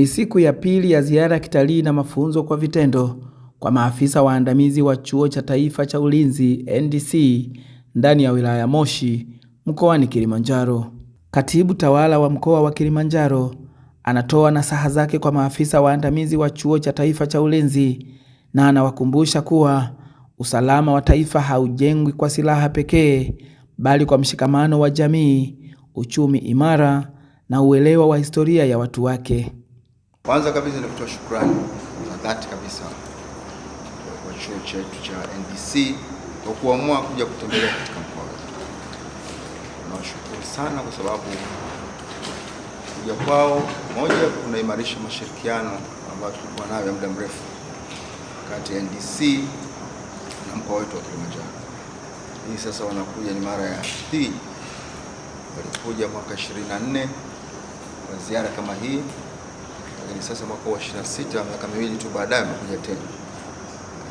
Ni siku ya pili ya ziara ya kitalii na mafunzo kwa vitendo kwa maafisa waandamizi wa Chuo cha Taifa cha Ulinzi NDC ndani ya wilaya ya Moshi mkoani Kilimanjaro. Katibu tawala wa mkoa wa Kilimanjaro anatoa nasaha zake kwa maafisa waandamizi wa Chuo cha Taifa cha Ulinzi na anawakumbusha kuwa usalama wa taifa haujengwi kwa silaha pekee bali kwa mshikamano wa jamii, uchumi imara na uelewa wa historia ya watu wake. Kwanza kabisa ni kutoa shukrani za dhati kabisa kwa chuo chetu cha NBC kwa kuamua kuja kutembelea katika mkoa wetu. Tunawashukuru sana kwa sababu kuja kwao, moja, kunaimarisha mashirikiano ambayo tulikuwa nayo ya muda mrefu kati ya NDC na mkoa wetu wa Kilimanjaro. Hii sasa wanakuja ni mara ya pili, walikuja mwaka 24 kwa ziara kama hii lakini sasa mwaka wa 26 miaka miwili tu baadaye amekuja tena.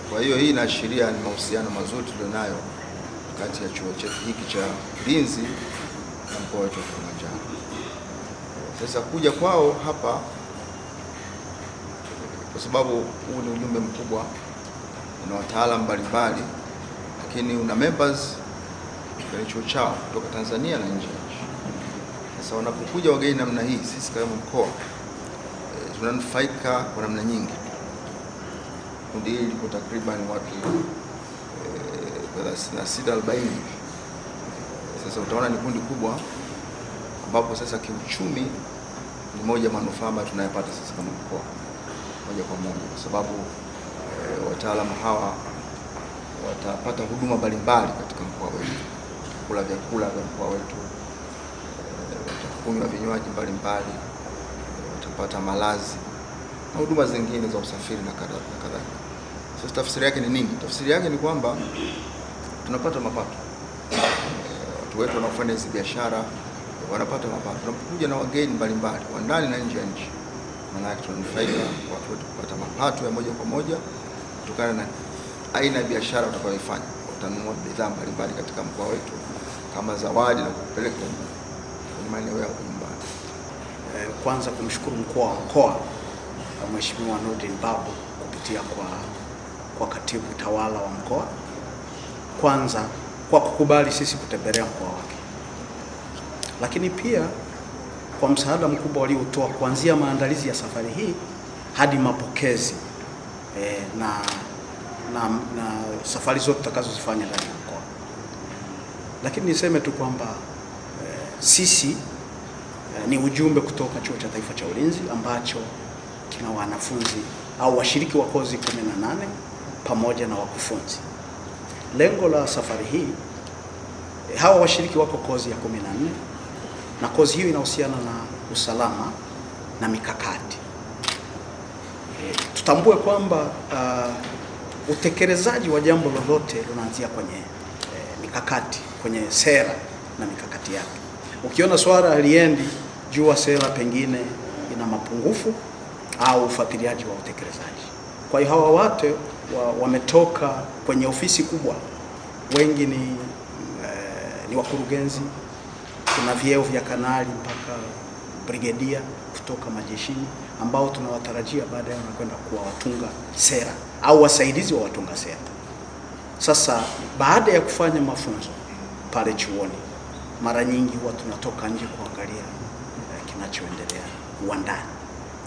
Kwa hiyo hii inaashiria ni mahusiano mazuri tulionayo kati ya chuo chetu hiki cha Ulinzi na mkoa wetu wa Kilimanjaro. Sasa kuja kwao hapa, kwa sababu huu ni ujumbe mkubwa, una wataalamu mbalimbali, lakini una members kwenye chuo chao kutoka Tanzania na nje ya nchi. Sasa wanapokuja wageni namna hii, sisi kama mkoa tunanufaika kwa namna nyingi. Kundi hili liko takriban watu 36 eh, 40. Sasa utaona ni kundi kubwa, ambapo sasa kiuchumi ni moja manufaa ambayo tunayapata sasa kama mkoa moja kwa moja, kwa sababu e, wataalamu hawa watapata huduma mbalimbali katika mkoa wetu, kula vyakula vya mkoa wetu, eh, watakunywa vinywaji mbalimbali kupata malazi na huduma zingine za usafiri na kadhalika. Sasa tafsiri yake ni nini? Tafsiri yake ni kwamba tunapata mapato, eh, watu wetu wanaofanya hizi biashara wanapata mapato, tunapokuja na wageni mbalimbali wa ndani na nje ya nchi, maana yake tunanufaika watu wetu kupata mapato ya moja kwa moja kutokana na aina ya biashara utakayoifanya. Utanunua bidhaa mbalimbali katika mkoa wetu kama zawadi na kupeleka kwenye maeneo yao. Eh, kwanza kumshukuru mkuu wa mkoa Mheshimiwa Nurdin Babu kupitia kwa, kwa katibu tawala wa mkoa kwanza kwa kukubali sisi kutembelea mkoa wake, lakini pia kwa msaada mkubwa waliotoa kuanzia maandalizi ya safari hii hadi mapokezi e, na, na, na safari zote tutakazozifanya ndani ya mkoa. Lakini niseme tu kwamba e, sisi Eh, ni ujumbe kutoka Chuo cha Taifa cha Ulinzi ambacho kina wanafunzi au washiriki wa kozi 18 pamoja na wakufunzi. Lengo la safari hii, eh, hawa washiriki wako kozi ya 14 na kozi hiyo inahusiana na usalama na mikakati. E, tutambue kwamba uh, utekelezaji wa jambo lolote lunaanzia kwenye e, mikakati, kwenye sera na mikakati yake. Ukiona swala haliendi, jua sera pengine ina mapungufu au ufuatiliaji wa utekelezaji. Kwa hiyo hawa watu wametoka wa kwenye ofisi kubwa, wengi ni, eh, ni wakurugenzi, kuna vyeo vya kanali mpaka brigedia kutoka majeshini ambao tunawatarajia baadaye wanakwenda kuwa watunga sera au wasaidizi wa watunga sera. Sasa baada ya kufanya mafunzo pale chuoni mara nyingi huwa tunatoka nje kuangalia eh, kinachoendelea ndani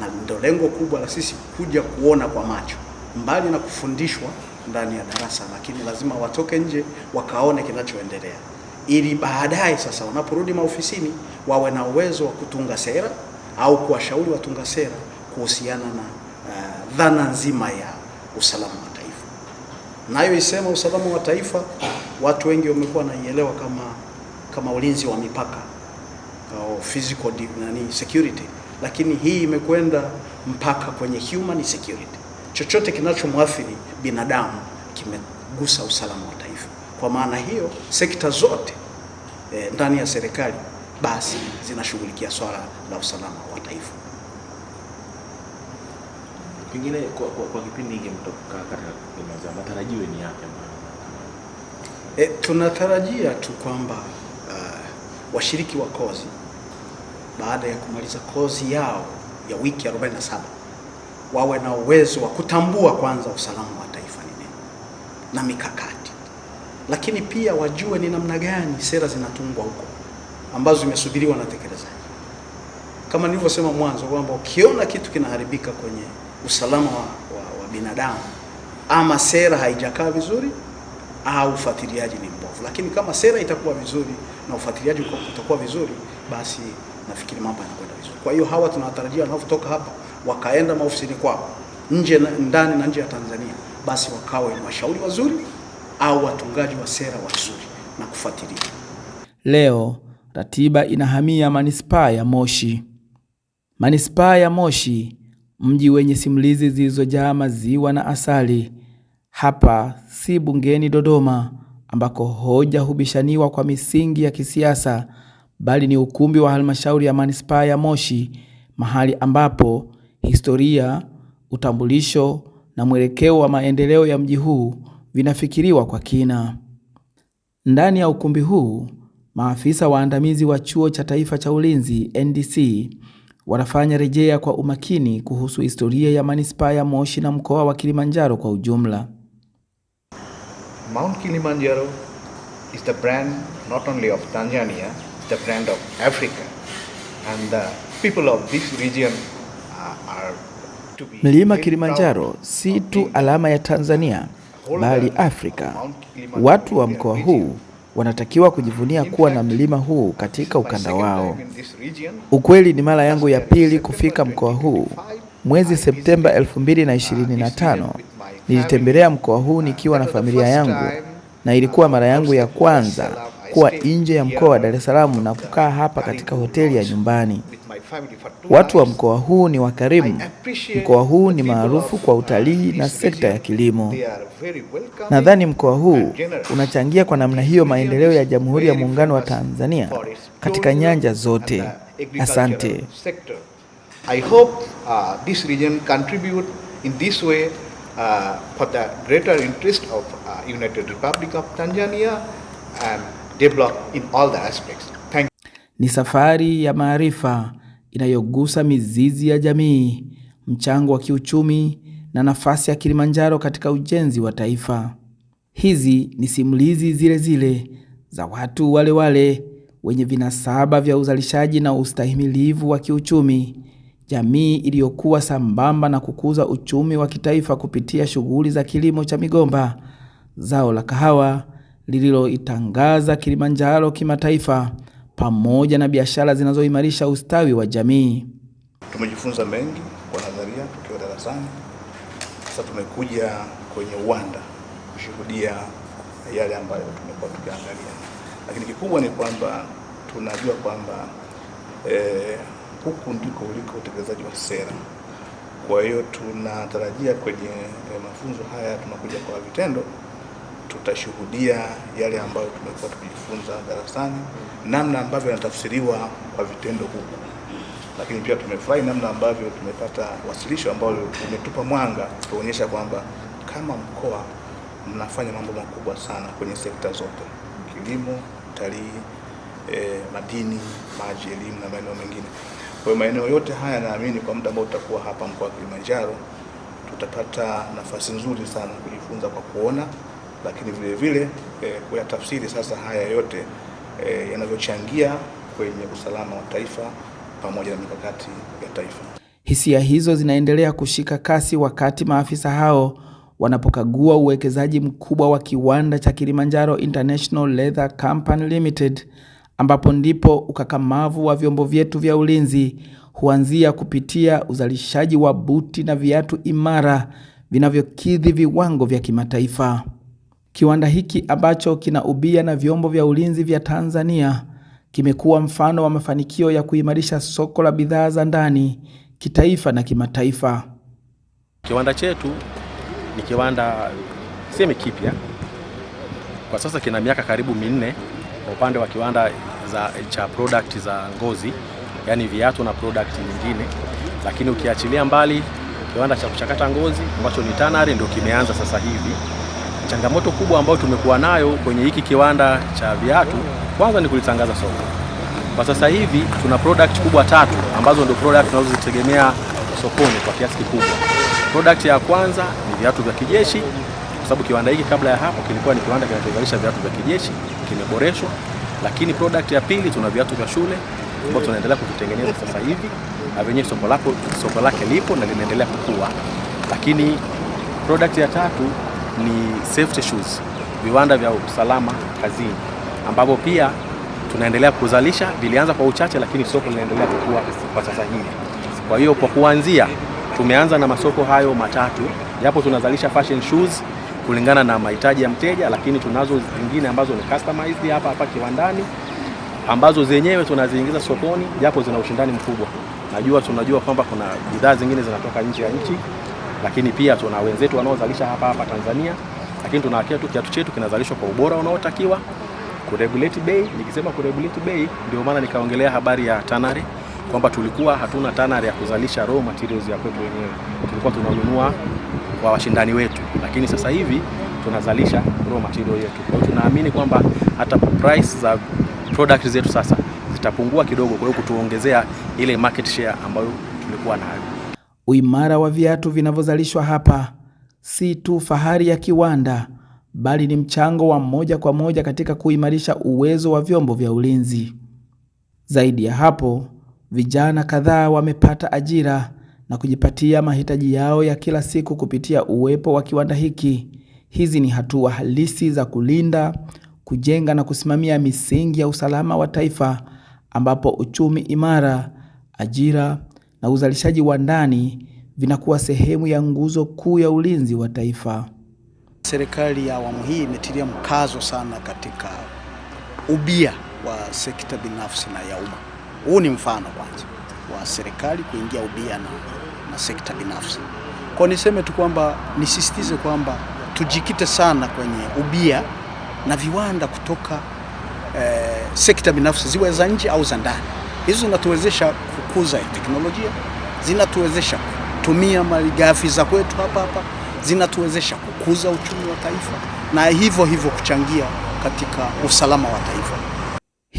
na ndio lengo kubwa la sisi kuja kuona kwa macho, mbali na kufundishwa ndani ya darasa, lakini lazima watoke nje wakaone kinachoendelea, ili baadaye sasa wanaporudi maofisini wawe na uwezo wa kutunga sera au kuwashauri watunga sera kuhusiana na uh, dhana nzima ya usalama wa taifa. Nayo isema usalama wa taifa, watu wengi wamekuwa wanaielewa kama kama ulinzi wa mipaka au uh, physical nani security, lakini hii imekwenda mpaka kwenye human security. Chochote kinachomwathiri binadamu kimegusa usalama wa taifa. Kwa maana hiyo, sekta zote e, ndani ya serikali basi zinashughulikia swala la usalama wa taifa. Pengine kwa, kwa, kwa kipindi hiki mtoka katika matarajio ni yapi? E, tunatarajia tu kwamba washiriki wa kozi baada ya kumaliza kozi yao ya wiki 47 wawe na uwezo wa kutambua kwanza usalama wa taifa ni nini na mikakati, lakini pia wajue ni namna gani sera zinatungwa huko ambazo zimesubiriwa na tekelezaji. Kama nilivyosema mwanzo kwamba ukiona kitu kinaharibika kwenye usalama wa, wa, wa binadamu, ama sera haijakaa vizuri au ufuatiliaji ni mbovu, lakini kama sera itakuwa vizuri na ufuatiliaji utakuwa vizuri, basi nafikiri mambo yanakwenda vizuri. Kwa hiyo hawa tunawatarajia wanavyotoka hapa wakaenda maofisini kwao nje ndani na nje ya Tanzania, basi wakawe washauri wazuri au watungaji wa sera wazuri na kufuatilia. Leo ratiba inahamia manispaa ya Moshi. Manispaa ya Moshi, mji wenye simulizi zilizojaa maziwa na asali. Hapa si bungeni Dodoma, ambako hoja hubishaniwa kwa misingi ya kisiasa, bali ni ukumbi wa halmashauri ya manispaa ya Moshi, mahali ambapo historia, utambulisho na mwelekeo wa maendeleo ya mji huu vinafikiriwa kwa kina. Ndani ya ukumbi huu, maafisa waandamizi wa Chuo cha Taifa cha Ulinzi NDC wanafanya rejea kwa umakini kuhusu historia ya manispaa ya Moshi na mkoa wa Kilimanjaro kwa ujumla. Mount Kilimanjaro is the brand not only of Tanzania, the brand of Africa. And the people of this region uh, are to be Mlima Kilimanjaro si tu alama ya Tanzania bali Afrika. Watu wa mkoa huu wanatakiwa kujivunia kuwa na mlima huu katika ukanda wao. Ukweli ni mara yangu ya pili kufika mkoa huu mwezi Septemba 2025 Nilitembelea mkoa huu nikiwa na familia yangu na ilikuwa mara yangu ya kwanza kuwa nje ya mkoa wa Dar es Salaam na kukaa hapa katika hoteli ya nyumbani. Watu wa mkoa huu ni wakarimu. Mkoa huu ni maarufu kwa utalii na sekta ya kilimo. Nadhani mkoa huu unachangia kwa namna hiyo maendeleo ya Jamhuri ya Muungano wa Tanzania katika nyanja zote. Asante. I hope, uh, this region contribute in this way Uh, for the greater interest of uh, United Republic of Tanzania and develop in all the aspects. Thank ni safari ya maarifa inayogusa mizizi ya jamii, mchango wa kiuchumi na nafasi ya Kilimanjaro katika ujenzi wa taifa. Hizi ni simulizi zile zile za watu wale wale wenye vinasaba vya uzalishaji na ustahimilivu wa kiuchumi jamii iliyokuwa sambamba na kukuza uchumi wa kitaifa kupitia shughuli za kilimo cha migomba, zao la kahawa lililoitangaza Kilimanjaro kimataifa, pamoja na biashara zinazoimarisha ustawi wa jamii. Tumejifunza mengi kwa nadharia tukiwa darasani. Sasa tumekuja kwenye uwanda kushuhudia yale ambayo tumekuwa tukiangalia, lakini kikubwa ni kwamba tunajua kwamba eh, huku ndiko uliko utekelezaji wa sera. Kwa hiyo tunatarajia kwenye eh, mafunzo haya tunakuja kwa vitendo, tutashuhudia yale ambayo tumekuwa tukijifunza darasani, namna ambavyo yanatafsiriwa kwa vitendo huku, lakini pia tumefurahi namna ambavyo tumepata wasilisho ambao umetupa mwanga kuonyesha kwamba kama mkoa mnafanya mambo makubwa sana kwenye sekta zote, kilimo, utalii, eh, madini, maji, elimu na maeneo mengine. Kwa hiyo maeneo yote haya naamini kwa muda ambao tutakuwa hapa mkoa wa Kilimanjaro tutapata nafasi nzuri sana kujifunza kwa kuona, lakini vile vile eh, kuyatafsiri sasa haya yote eh, yanavyochangia kwenye usalama wa taifa pamoja na mikakati ya taifa. Hisia hizo zinaendelea kushika kasi wakati maafisa hao wanapokagua uwekezaji mkubwa wa kiwanda cha Kilimanjaro International Leather Company Limited ambapo ndipo ukakamavu wa vyombo vyetu vya ulinzi huanzia kupitia uzalishaji wa buti na viatu imara vinavyokidhi viwango vya kimataifa. Kiwanda hiki ambacho kina ubia na vyombo vya ulinzi vya Tanzania kimekuwa mfano wa mafanikio ya kuimarisha soko la bidhaa za ndani kitaifa na kimataifa. Kiwanda chetu ni kiwanda seme kipya kwa sasa, kina miaka karibu minne. Kwa upande wa kiwanda za, cha product za ngozi yani viatu na product nyingine, lakini ukiachilia mbali kiwanda cha kuchakata ngozi ambacho ni Tanari ndio kimeanza sasa hivi. Changamoto kubwa ambayo tumekuwa nayo kwenye hiki kiwanda cha viatu, kwanza ni kulitangaza soko. Kwa sasa hivi tuna product kubwa tatu ambazo ndio product tunazozitegemea sokoni kwa kiasi kikubwa. Product ya kwanza ni viatu vya kijeshi, kwa sababu kiwanda hiki kabla ya hapo kilikuwa ni kiwanda kinachozalisha viatu vya kijeshi kimeboreshwa, lakini product ya pili tuna viatu vya shule ambao tunaendelea kuvitengeneza sasa hivi na venyewe soko lako soko lake lipo na linaendelea kukua. Lakini product ya tatu ni safety shoes, viwanda vya usalama kazini ambapo pia tunaendelea kuzalisha, vilianza kwa uchache, lakini soko linaendelea kukua kwa sasa hivi. Kwa hiyo kwa kuanzia tumeanza na masoko hayo matatu, japo tunazalisha fashion shoes kulingana na mahitaji ya mteja, lakini tunazo zingine ambazo ni customized hapa hapa kiwandani ambazo zenyewe tunaziingiza sokoni japo zina ushindani mkubwa. Najua tunajua kwamba kuna bidhaa zingine zinatoka nje ya nchi, lakini pia tuna wenzetu wanaozalisha hapa hapa Tanzania, lakini tunahakika tu kiatu chetu kinazalishwa kwa ubora unaotakiwa, kuregulate bei. Nikisema kuregulate bei, ndio maana nikaongelea habari ya TANARE kwamba tulikuwa hatuna tanari ya kuzalisha raw materials ya kwetu wenyewe, tulikuwa tunanunua kwa washindani wetu, lakini sasa hivi tunazalisha raw material yetu. Kwa hiyo tunaamini kwamba hata price za products zetu sasa zitapungua kidogo, kwa hiyo kutuongezea ile market share ambayo tulikuwa nayo. Uimara wa viatu vinavyozalishwa hapa si tu fahari ya kiwanda bali ni mchango wa moja kwa moja katika kuimarisha uwezo wa vyombo vya ulinzi. Zaidi ya hapo Vijana kadhaa wamepata ajira na kujipatia mahitaji yao ya kila siku kupitia uwepo wa kiwanda hiki. Hizi ni hatua halisi za kulinda, kujenga na kusimamia misingi ya usalama wa taifa ambapo uchumi imara, ajira na uzalishaji wa ndani vinakuwa sehemu ya nguzo kuu ya ulinzi wa taifa. Serikali ya awamu hii imetilia mkazo sana katika ubia wa sekta binafsi na ya umma. Huu ni mfano kwanza wa serikali kuingia ubia na, na sekta binafsi. Kwa niseme tu kwamba nisisitize kwamba tujikite sana kwenye ubia na viwanda kutoka eh, sekta binafsi ziwe za nje au za ndani. Hizo zinatuwezesha kukuza teknolojia, zinatuwezesha kutumia malighafi za kwetu hapa hapa, zinatuwezesha kukuza uchumi wa taifa na hivyo hivyo kuchangia katika usalama wa taifa.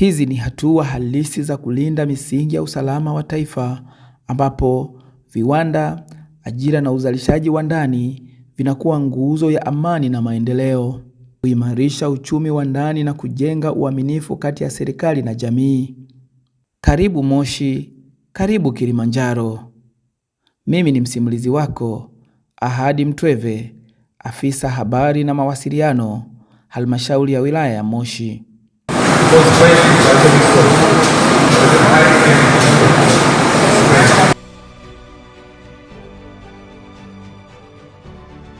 Hizi ni hatua halisi za kulinda misingi ya usalama wa taifa ambapo viwanda, ajira na uzalishaji wa ndani vinakuwa nguzo ya amani na maendeleo. Kuimarisha uchumi wa ndani na kujenga uaminifu kati ya serikali na jamii. Karibu Moshi, karibu Kilimanjaro. Mimi ni msimulizi wako Ahadi Mtweve, afisa habari na mawasiliano, halmashauri ya wilaya ya Moshi. Thank you.